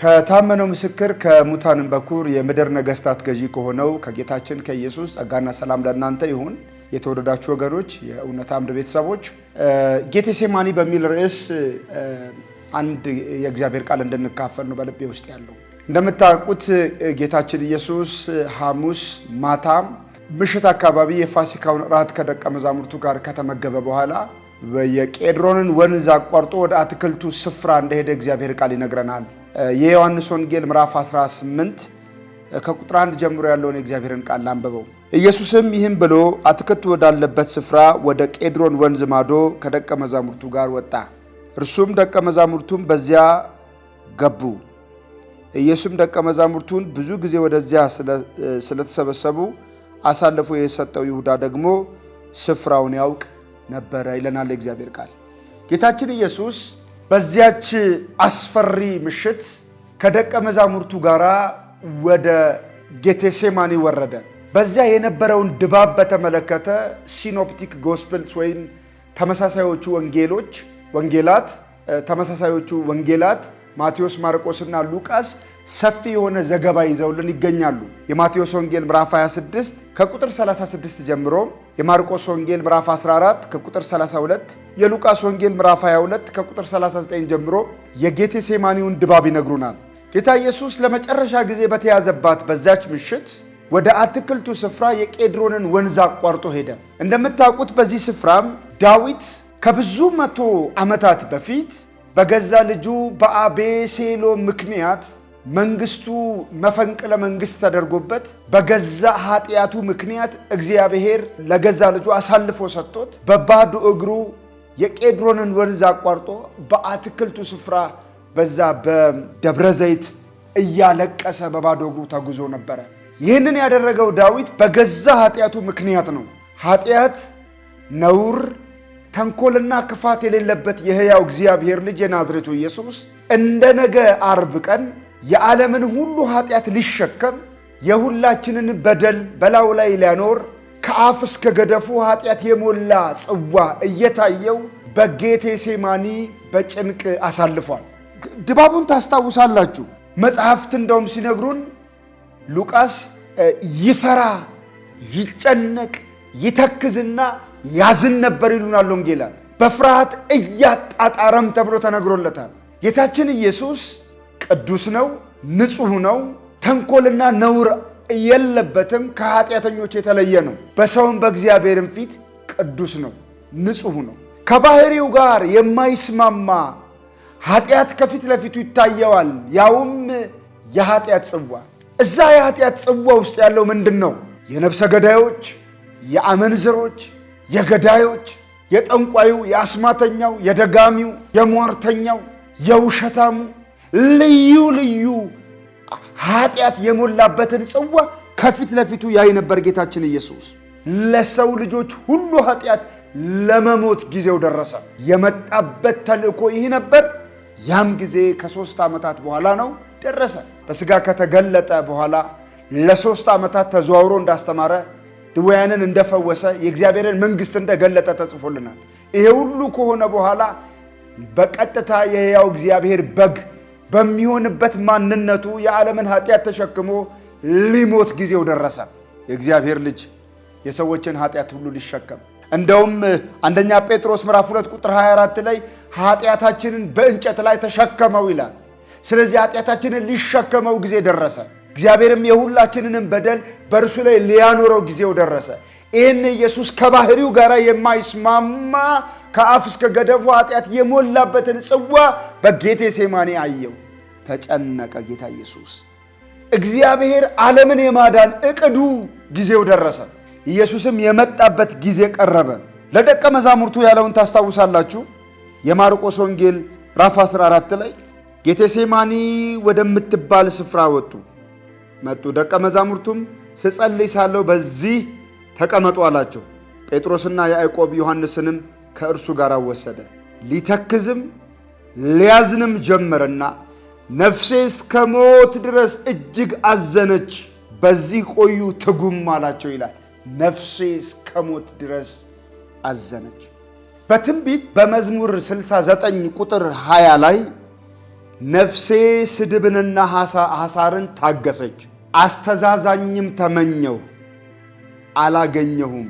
ከታመነው ምስክር ከሙታንም በኩር የምድር ነገስታት ገዢ ከሆነው ከጌታችን ከኢየሱስ ጸጋና ሰላም ለእናንተ ይሁን። የተወደዳችሁ ወገኖች፣ የእውነት አምድ ቤተሰቦች ጌቴሴማኒ በሚል ርዕስ አንድ የእግዚአብሔር ቃል እንድንካፈል ነው በልቤ ውስጥ ያለው። እንደምታውቁት ጌታችን ኢየሱስ ሐሙስ ማታ ምሽት አካባቢ የፋሲካውን እራት ከደቀ መዛሙርቱ ጋር ከተመገበ በኋላ የቄድሮንን ወንዝ አቋርጦ ወደ አትክልቱ ስፍራ እንደሄደ እግዚአብሔር ቃል ይነግረናል። የዮሐንስ ወንጌል ምዕራፍ 18 ከቁጥር 1 ጀምሮ ያለውን የእግዚአብሔርን ቃል አንብበው። ኢየሱስም ይህም ብሎ አትክልት ወዳለበት ስፍራ ወደ ቄድሮን ወንዝ ማዶ ከደቀ መዛሙርቱ ጋር ወጣ። እርሱም ደቀ መዛሙርቱም በዚያ ገቡ። ኢየሱስም ደቀ መዛሙርቱን ብዙ ጊዜ ወደዚያ ስለተሰበሰቡ አሳልፎ የሰጠው ይሁዳ ደግሞ ስፍራውን ያውቅ ነበረ ይለናል የእግዚአብሔር ቃል። ጌታችን ኢየሱስ በዚያች አስፈሪ ምሽት ከደቀ መዛሙርቱ ጋር ወደ ጌቴሴማኒ ወረደ። በዚያ የነበረውን ድባብ በተመለከተ ሲኖፕቲክ ጎስፕልስ ወይም ተመሳሳዮቹ ወንጌሎች ወንጌላት ተመሳሳዮቹ ወንጌላት ማቴዎስ፣ ማርቆስና ሉቃስ ሰፊ የሆነ ዘገባ ይዘውልን ይገኛሉ። የማቴዎስ ወንጌል ምዕራፍ 26 ከቁጥር 36 ጀምሮ፣ የማርቆስ ወንጌል ምዕራፍ 14 ከቁጥር 32፣ የሉቃስ ወንጌል ምዕራፍ 22 ከቁጥር 39 ጀምሮ የጌቴሴማኒውን ድባብ ይነግሩናል። ጌታ ኢየሱስ ለመጨረሻ ጊዜ በተያዘባት በዛች ምሽት ወደ አትክልቱ ስፍራ የቄድሮንን ወንዝ አቋርጦ ሄደ። እንደምታውቁት በዚህ ስፍራም ዳዊት ከብዙ መቶ ዓመታት በፊት በገዛ ልጁ በአቤሴሎም ምክንያት መንግስቱ መፈንቅለ መንግስት ተደርጎበት በገዛ ኃጢአቱ ምክንያት እግዚአብሔር ለገዛ ልጁ አሳልፎ ሰጥቶት በባዶ እግሩ የቄድሮንን ወንዝ አቋርጦ በአትክልቱ ስፍራ በዛ በደብረ ዘይት እያለቀሰ በባዶ እግሩ ተጉዞ ነበረ። ይህንን ያደረገው ዳዊት በገዛ ኃጢአቱ ምክንያት ነው። ኃጢአት፣ ነውር፣ ተንኮልና ክፋት የሌለበት የሕያው እግዚአብሔር ልጅ የናዝሬቱ ኢየሱስ እንደ ነገ አርብ ቀን የዓለምን ሁሉ ኃጢአት ሊሸከም የሁላችንን በደል በላዩ ላይ ሊያኖር ከአፍ እስከ ገደፉ ኃጢአት የሞላ ጽዋ እየታየው በጌቴ ሴማኒ በጭንቅ አሳልፏል። ድባቡን ታስታውሳላችሁ። መጽሐፍት እንደውም ሲነግሩን ሉቃስ ይፈራ ይጨነቅ ይተክዝና ያዝን ነበር ይሉናል ወንጌላት። በፍርሃት እያጣጣረም ተብሎ ተነግሮለታል። ጌታችን ኢየሱስ ቅዱስ ነው፣ ንጹሕ ነው፣ ተንኮልና ነውር የለበትም፣ ከኃጢአተኞች የተለየ ነው። በሰውም በእግዚአብሔርም ፊት ቅዱስ ነው፣ ንጹሕ ነው። ከባህሪው ጋር የማይስማማ ኃጢአት ከፊት ለፊቱ ይታየዋል፣ ያውም የኃጢአት ጽዋ። እዛ የኃጢአት ጽዋ ውስጥ ያለው ምንድን ነው? የነፍሰ ገዳዮች፣ የአመንዝሮች፣ የገዳዮች፣ የጠንቋዩ፣ የአስማተኛው፣ የደጋሚው፣ የሟርተኛው፣ የውሸታሙ ልዩ ልዩ ኃጢአት የሞላበትን ጽዋ ከፊት ለፊቱ ያይ ነበር ጌታችን ኢየሱስ። ለሰው ልጆች ሁሉ ኃጢአት ለመሞት ጊዜው ደረሰ። የመጣበት ተልእኮ ይህ ነበር። ያም ጊዜ ከሦስት ዓመታት በኋላ ነው ደረሰ። በሥጋ ከተገለጠ በኋላ ለሦስት ዓመታት ተዘዋውሮ እንዳስተማረ ድውያንን እንደፈወሰ የእግዚአብሔርን መንግሥት እንደገለጠ ተጽፎልናል። ይሄ ሁሉ ከሆነ በኋላ በቀጥታ የሕያው እግዚአብሔር በግ በሚሆንበት ማንነቱ የዓለምን ኃጢአት ተሸክሞ ሊሞት ጊዜው ደረሰ። የእግዚአብሔር ልጅ የሰዎችን ኃጢአት ሁሉ ሊሸከም እንደውም አንደኛ ጴጥሮስ ምዕራፍ 2 ቁጥር 24 ላይ ኃጢአታችንን በእንጨት ላይ ተሸከመው ይላል። ስለዚህ ኃጢአታችንን ሊሸከመው ጊዜ ደረሰ። እግዚአብሔርም የሁላችንንም በደል በእርሱ ላይ ሊያኖረው ጊዜው ደረሰ። ይህን ኢየሱስ ከባህሪው ጋር የማይስማማ ከአፍ እስከ ገደፉ ኃጢአት የሞላበትን ጽዋ በጌቴ ሴማኔ አየው። ተጨነቀ ጌታ ኢየሱስ። እግዚአብሔር ዓለምን የማዳን እቅዱ ጊዜው ደረሰ። ኢየሱስም የመጣበት ጊዜ ቀረበ። ለደቀ መዛሙርቱ ያለውን ታስታውሳላችሁ። የማርቆስ ወንጌል ራፍ 14 ላይ ጌቴሴማኒ ወደምትባል ስፍራ ወጡ መጡ። ደቀ መዛሙርቱም ስጸልይ ሳለሁ በዚህ ተቀመጡ አላቸው። ጴጥሮስና ያዕቆብ ዮሐንስንም ከእርሱ ጋር ወሰደ። ሊተክዝም ሊያዝንም ጀመረና ነፍሴ እስከ ሞት ድረስ እጅግ አዘነች፣ በዚህ ቆዩ ትጉም አላቸው ይላል። ነፍሴ እስከ ሞት ድረስ አዘነች። በትንቢት በመዝሙር 69 ቁጥር 20 ላይ ነፍሴ ስድብንና ሐሳርን ታገሰች፣ አስተዛዛኝም ተመኘው አላገኘሁም፣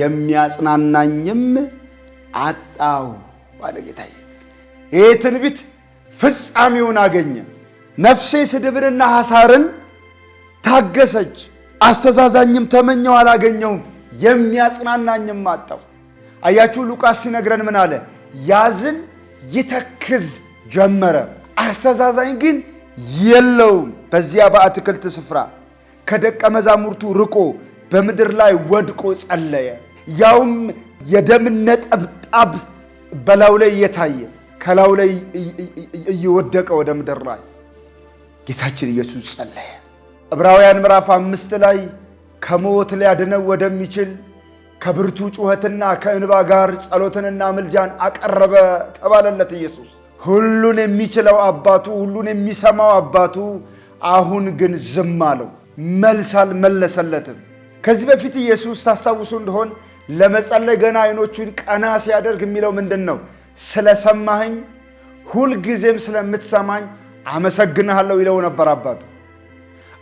የሚያጽናናኝም አጣው አለ ጌታዬ። ይህ ትንቢት ፍጻሜውን አገኘ። ነፍሴ ስድብንና ሐሳርን ታገሰች። አስተዛዛኝም ተመኘው አላገኘውም፣ የሚያጽናናኝም አጣው። አያችሁ ሉቃስ ሲነግረን ምን አለ? ያዝን ይተክዝ ጀመረ፣ አስተዛዛኝ ግን የለውም። በዚያ በአትክልት ስፍራ ከደቀ መዛሙርቱ ርቆ በምድር ላይ ወድቆ ጸለየ። ያውም የደም ነጠብጣብ በላዩ ላይ እየታየ ከላዩ ላይ እየወደቀ ወደ ምድር ላይ ጌታችን ኢየሱስ ጸለየ። ዕብራውያን ምዕራፍ አምስት ላይ ከሞት ሊያድነው ወደሚችል ከብርቱ ጩኸትና ከእንባ ጋር ጸሎትንና ምልጃን አቀረበ ተባለለት። ኢየሱስ ሁሉን የሚችለው አባቱ፣ ሁሉን የሚሰማው አባቱ አሁን ግን ዝም አለው፣ መልስ አልመለሰለትም። ከዚህ በፊት ኢየሱስ ታስታውሱ እንደሆን ለመጸለይ ገና አይኖቹን ቀና ሲያደርግ የሚለው ምንድን ነው? ስለሰማኸኝ ሁልጊዜም ስለምትሰማኝ አመሰግንሃለሁ ይለው ነበር አባቱ።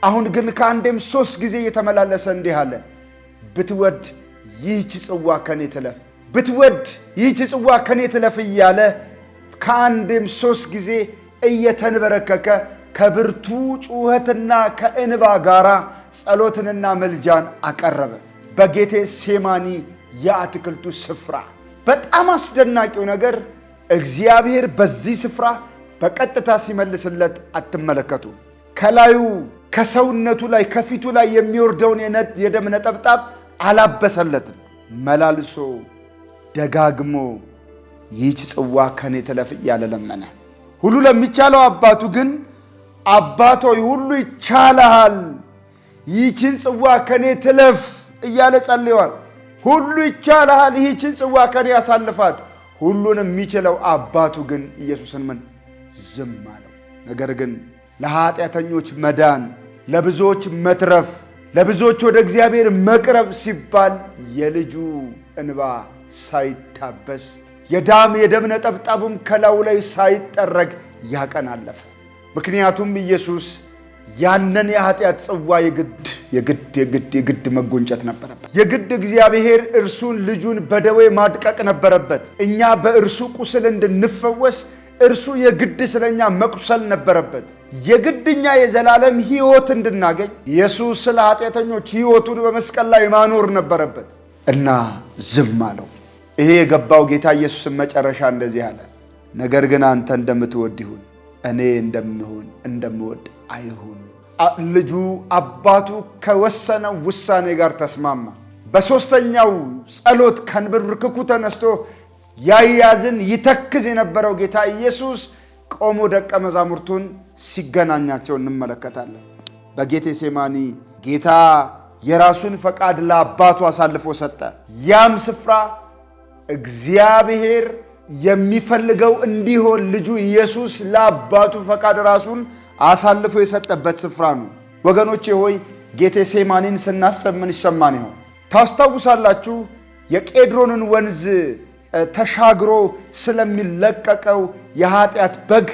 አሁን ግን ከአንዴም ሶስት ጊዜ እየተመላለሰ እንዲህ አለ፣ ብትወድ ይህች ጽዋ ከኔ ትለፍ፣ ብትወድ ይህች ጽዋ ከኔ ትለፍ እያለ ከአንዴም ሶስት ጊዜ እየተንበረከከ ከብርቱ ጩኸትና ከእንባ ጋራ ጸሎትንና ምልጃን አቀረበ። በጌቴ ሴማኒ የአትክልቱ ስፍራ። በጣም አስደናቂው ነገር እግዚአብሔር በዚህ ስፍራ በቀጥታ ሲመልስለት አትመለከቱ። ከላዩ ከሰውነቱ ላይ ከፊቱ ላይ የሚወርደውን የደም ነጠብጣብ አላበሰለትም። መላልሶ ደጋግሞ ይህች ጽዋ ከኔ ትለፍ እያለ ለመነ። ሁሉ ለሚቻለው አባቱ ግን አባቶ ሁሉ ይቻልሃል፣ ይህችን ጽዋ ከኔ ትለፍ እያለ ጸልዋል። ሁሉ ይቻልሃል፣ ይህችን ጽዋ ከኔ ያሳልፋት። ሁሉን የሚችለው አባቱ ግን ኢየሱስን ምን ዝም አለው። ነገር ግን ለኃጢአተኞች መዳን፣ ለብዙዎች መትረፍ፣ ለብዙዎች ወደ እግዚአብሔር መቅረብ ሲባል የልጁ እንባ ሳይታበስ የዳም የደም ነጠብጣቡም ከላዩ ላይ ሳይጠረግ ያቀን አለፈ። ምክንያቱም ኢየሱስ ያንን የኃጢአት ጽዋ የግድ የግድ የግድ የግድ መጎንጨት ነበረበት። የግድ እግዚአብሔር እርሱን ልጁን በደዌ ማድቀቅ ነበረበት። እኛ በእርሱ ቁስል እንድንፈወስ እርሱ የግድ ስለኛ መቁሰል ነበረበት። የግድኛ የዘላለም ሕይወት እንድናገኝ ኢየሱስ ስለ ኃጢአተኞች ሕይወቱን በመስቀል ላይ ማኖር ነበረበት እና ዝም አለው። ይሄ የገባው ጌታ ኢየሱስን መጨረሻ እንደዚህ አለ፣ ነገር ግን አንተ እንደምትወድ ይሁን እኔ እንደምሆን እንደምወድ አይሁን። ልጁ አባቱ ከወሰነው ውሳኔ ጋር ተስማማ። በሦስተኛው ጸሎት ከንብርክኩ ተነስቶ ያያዝን ይተክዝ የነበረው ጌታ ኢየሱስ ቆሞ ደቀ መዛሙርቱን ሲገናኛቸው እንመለከታለን። ሴማኒ ጌታ የራሱን ፈቃድ ለአባቱ አሳልፎ ሰጠ። ያም ስፍራ እግዚአብሔር የሚፈልገው እንዲሆን ልጁ ኢየሱስ ለአባቱ ፈቃድ ራሱን አሳልፎ የሰጠበት ስፍራ ነው። ወገኖቼ ሆይ ጌቴ ሴማኒን ስናስብ ምን ይሰማን ይሆን? ታስታውሳላችሁ የቄድሮንን ወንዝ ተሻግሮ ስለሚለቀቀው የኃጢአት በግ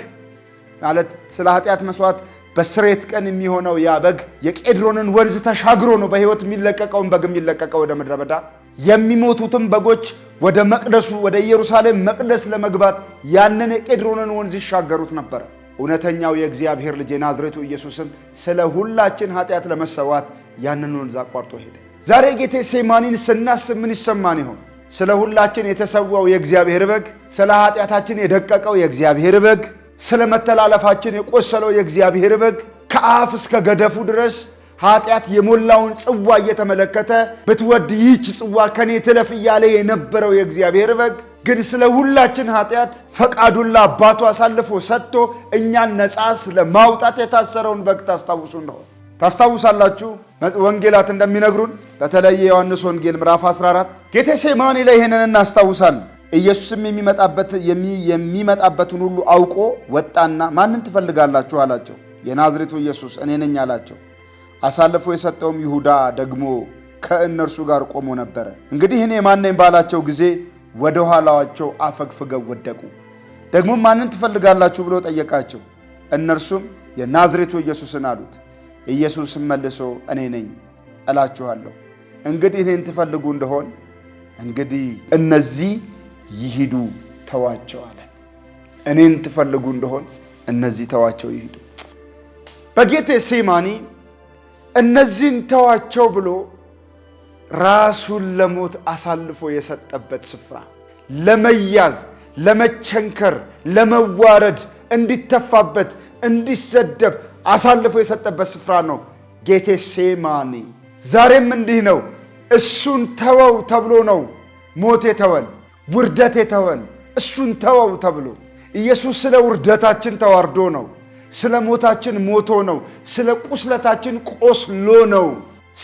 ማለት ስለ ኃጢአት መስዋዕት በስሬት ቀን የሚሆነው ያ በግ የቄድሮንን ወንዝ ተሻግሮ ነው በህይወት የሚለቀቀውን በግ የሚለቀቀው ወደ ምድረ በዳ የሚሞቱትን በጎች ወደ መቅደሱ ወደ ኢየሩሳሌም መቅደስ ለመግባት ያንን የቄድሮንን ወንዝ ይሻገሩት ነበር። እውነተኛው የእግዚአብሔር ልጅ የናዝሬቱ ኢየሱስም ስለ ሁላችን ኃጢአት ለመሰዋት ያንን ወንዝ አቋርጦ ሄደ። ዛሬ ጌቴ ሴማኒን ስናስብ ምን ይሰማን ይሆን? ስለ ሁላችን የተሰዋው የእግዚአብሔር በግ፣ ስለ ኃጢአታችን የደቀቀው የእግዚአብሔር በግ፣ ስለ መተላለፋችን የቆሰለው የእግዚአብሔር በግ ከአፍ እስከ ገደፉ ድረስ ኃጢአት የሞላውን ጽዋ እየተመለከተ ብትወድ ይህች ጽዋ ከኔ ትለፍ እያለ የነበረው የእግዚአብሔር በግ ግን ስለ ሁላችን ኃጢአት ፈቃዱን ለአባቱ አሳልፎ ሰጥቶ እኛን ነጻ ስለማውጣት የታሰረውን በግ ታስታውሱ እንደሆነ ታስታውሳላችሁ። ወንጌላት እንደሚነግሩን በተለይ የዮሐንስ ወንጌል ምዕራፍ 14 ጌቴሴማኒ ላይ ይህንን እናስታውሳለን። ኢየሱስም የሚመጣበትን ሁሉ አውቆ ወጣና ማንን ትፈልጋላችሁ አላቸው። የናዝሬቱ ኢየሱስ እኔ ነኝ አላቸው። አሳልፎ የሰጠውም ይሁዳ ደግሞ ከእነርሱ ጋር ቆሞ ነበረ። እንግዲህ እኔ ማነኝ ባላቸው ጊዜ ወደ ኋላቸው አፈግፍገው ወደቁ። ደግሞ ማንን ትፈልጋላችሁ ብሎ ጠየቃቸው። እነርሱም የናዝሬቱ ኢየሱስን አሉት። ኢየሱስም መልሶ እኔ ነኝ እላችኋለሁ፣ እንግዲህ እኔን ትፈልጉ እንደሆን እንግዲህ እነዚህ ይሂዱ ተዋቸው አለ። እኔን ትፈልጉ እንደሆን እነዚህ ተዋቸው ይሂዱ። በጌቴ ሴማኒ እነዚህን ተዋቸው ብሎ ራሱን ለሞት አሳልፎ የሰጠበት ስፍራ ለመያዝ፣ ለመቸንከር፣ ለመዋረድ፣ እንዲተፋበት፣ እንዲሰደብ አሳልፎ የሰጠበት ስፍራ ነው ጌቴሴማኒ። ዛሬም እንዲህ ነው። እሱን ተወው ተብሎ ነው ሞት የተወን፣ ውርደት የተወን። እሱን ተወው ተብሎ ኢየሱስ ስለ ውርደታችን ተዋርዶ ነው ስለ ሞታችን ሞቶ ነው። ስለ ቁስለታችን ቆስሎ ነው።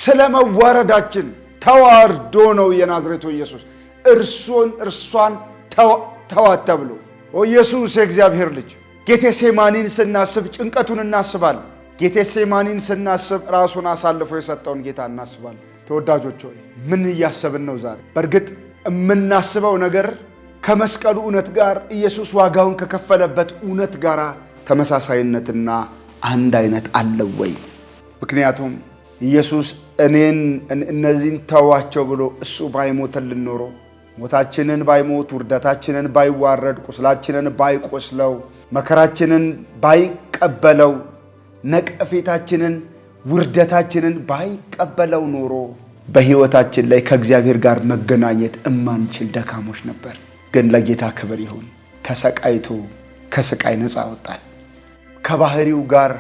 ስለ መዋረዳችን ተዋርዶ ነው። የናዝሬቱ ኢየሱስ እርሱን እርሷን ተዋት ተብሎ ኢየሱስ የእግዚአብሔር ልጅ ጌቴሴማኒን ስናስብ ጭንቀቱን እናስባል። ጌቴሴማኒን ስናስብ ራሱን አሳልፎ የሰጠውን ጌታ እናስባል። ተወዳጆች ሆይ ምን እያሰብን ነው ዛሬ? በእርግጥ የምናስበው ነገር ከመስቀሉ እውነት ጋር ኢየሱስ ዋጋውን ከከፈለበት እውነት ጋር ተመሳሳይነትና አንድ አይነት አለው ወይ? ምክንያቱም ኢየሱስ እኔን እነዚህን ተዋቸው ብሎ እሱ ባይሞተልን ኖሮ ሞታችንን ባይሞት፣ ውርደታችንን ባይዋረድ፣ ቁስላችንን ባይቆስለው፣ መከራችንን ባይቀበለው፣ ነቀፌታችንን፣ ውርደታችንን ባይቀበለው ኖሮ በሕይወታችን ላይ ከእግዚአብሔር ጋር መገናኘት እማንችል ደካሞች ነበር። ግን ለጌታ ክብር ይሁን ተሰቃይቶ ከስቃይ ነፃ ወጣል። ከባህሪው ጋር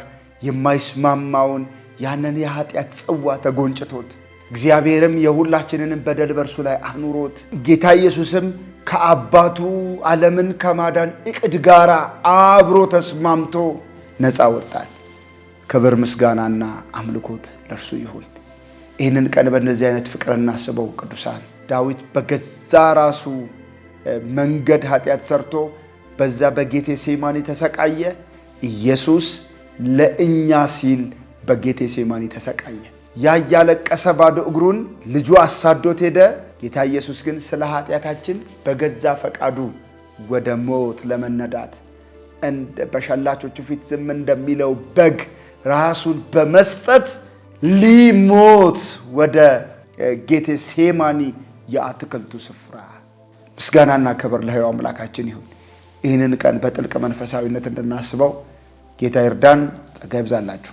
የማይስማማውን ያንን የኃጢአት ጽዋ ተጎንጭቶት እግዚአብሔርም የሁላችንንም በደል በእርሱ ላይ አኑሮት ጌታ ኢየሱስም ከአባቱ ዓለምን ከማዳን እቅድ ጋር አብሮ ተስማምቶ ነፃ ወጣል። ክብር ምስጋናና አምልኮት ለእርሱ ይሁን። ይህንን ቀን በእነዚህ አይነት ፍቅር እናስበው። ቅዱሳን ዳዊት በገዛ ራሱ መንገድ ኃጢአት ሰርቶ በዛ በጌቴ ሴማኒ ተሰቃየ። ኢየሱስ ለእኛ ሲል በጌቴ ሴማኒ ተሰቃየ። ያ እያለቀሰ ባዶ እግሩን ልጁ አሳዶት ሄደ። ጌታ ኢየሱስ ግን ስለ ኃጢአታችን በገዛ ፈቃዱ ወደ ሞት ለመነዳት በሸላቾቹ ፊት ዝም እንደሚለው በግ ራሱን በመስጠት ሊሞት ወደ ጌቴ ሴማኒ የአትክልቱ ስፍራ። ምስጋናና ክብር ለሕያው አምላካችን ይሁን። ይህንን ቀን በጥልቅ መንፈሳዊነት እንድናስበው ጌታ ይርዳን። ጸጋ ይብዛላችሁ።